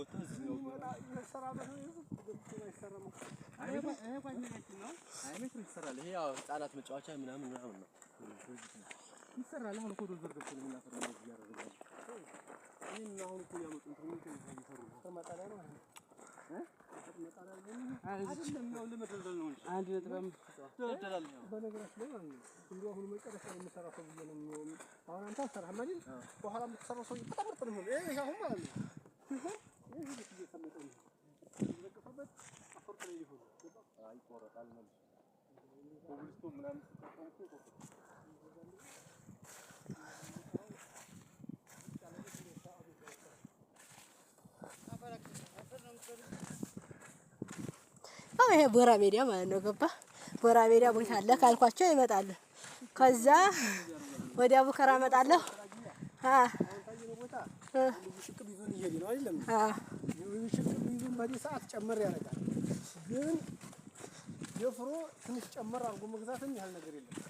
ህፃናት መጫወቻ ምናምን ምናምን ነው ይሰራል። አሁን እኮ ዶዘር ገብቶ ነው የምናፈራው እያደረገ ይህን አሁን እኮ እያመጡ እየሰሩ ነው። ተመጣላይ ነው በነገራችን ላይ እንዲሁ አሁን መጨረሻ ላይ የምሰራው ሰው ብዬ ነው። አሁን አንተ አልሰራህም አይደል? በኋላ የምትሰራው ሰው በጣም ምርጥ ነው። ይሄ አሁን ማለት ነው ይሄ ቦራ ሜዳ ማለት ነው። ገባ ቦራ ሜዳ ቦታ አለ ካልኳቸው ይመጣል ከዛ ወዲያ ቡከራ እመጣለሁ። ሰዓት ጨመር ያደርጋል፣ ግን የፍሮ ትንሽ ጨመር አድርጎ መግዛትም ያህል ነገር የለም።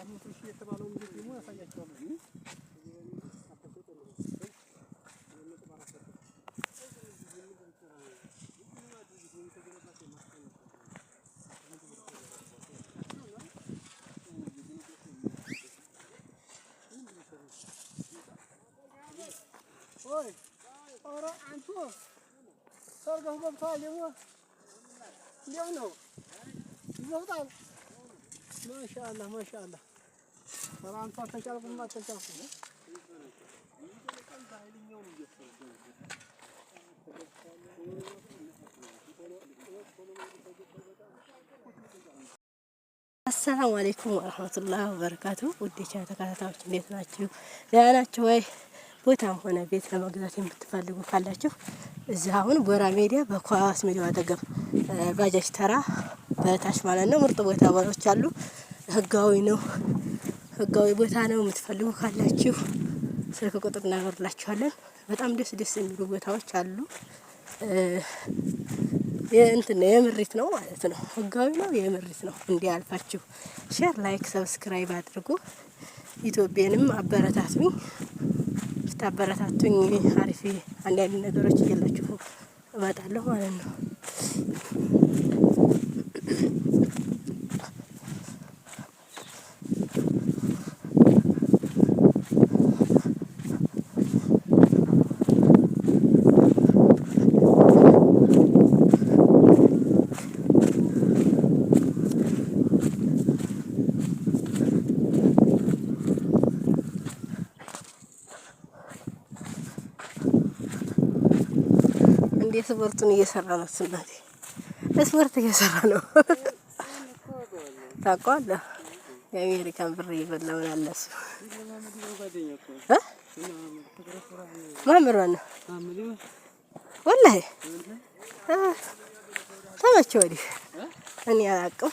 አምስት ሺህ የተባለው እንግዲህ ደግሞ ያሳያቸዋለሁ። ኦይ ኧረ አንቱ ሰርገው ገብተዋል። ደግሞ እንዴት ነው ይዘውታል? ማሻአላህ ማሻአላህ አሰላሙ አሌይኩም ወረህመቱላህ ወበረካቱ። ውዴቻ ተከታታዮች እንዴት ናችሁ? ደህና ናችሁ ወይ? ቦታም ሆነ ቤት ለመግዛት የምትፈልጉ ካላችሁ እዚህ አሁን ቦራ ሜዳ በኳስ ሜዳው አጠገብ ባጃጅ ተራ በታች ማለት ነው ምርጥ ቦታ ቦታዎች አሉ። ህጋዊ ነው። ህጋዊ ቦታ ነው የምትፈልጉ ካላችሁ ስልክ ቁጥር እናኖርላችኋለን። በጣም ደስ ደስ የሚሉ ቦታዎች አሉ። እንትን ነው የምሪት ነው ማለት ነው። ህጋዊ ነው የምሪት ነው። አልፋችሁ ሼር፣ ላይክ፣ ሰብስክራይብ አድርጉ። ኢትዮጵያንም አበረታቱኝ። ብታበረታቱኝ አሪፍ አንዳንድ ነገሮች እየላችሁ እመጣለሁ ማለት ነው። እንዴ ስፖርቱን እየሰራ ነው። ስናት ስፖርት እየሰራ ነው። ታውቀዋለህ? የአሜሪካን ብር እየበላውን አለ እሱ ማምር ነው ወላሂ ተመቼ ወዲህ እኔ አላውቅም።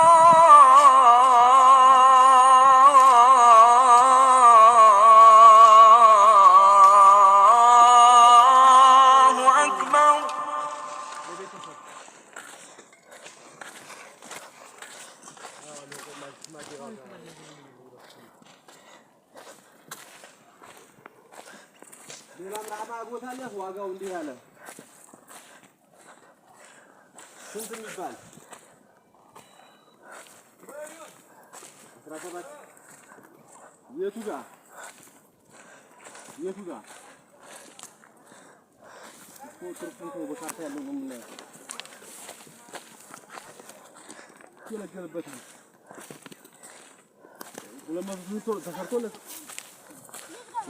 ሌላም ላማጎት አለ። ዋጋው እንዲህ ያለ ስንት የሚባል አስራ ሰባት የቱ ጋር የቱ ጋር እኮ ትርፉን ተው፣ በካርታ ያለው ነው የምናየው። ገለገልበት ነው ለመብዙ ተሰርቶለት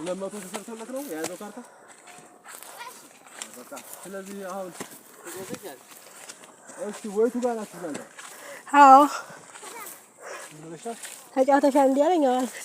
ሁለት መቶ ተሰርቶለት ነው የያዘው ካርታ። በቃ ስለዚህ አሁን እሺ፣ ወይቱ ጋር ናችሁ እናንተ? አዎ ተጫውተሻል እንዲህ አለኝ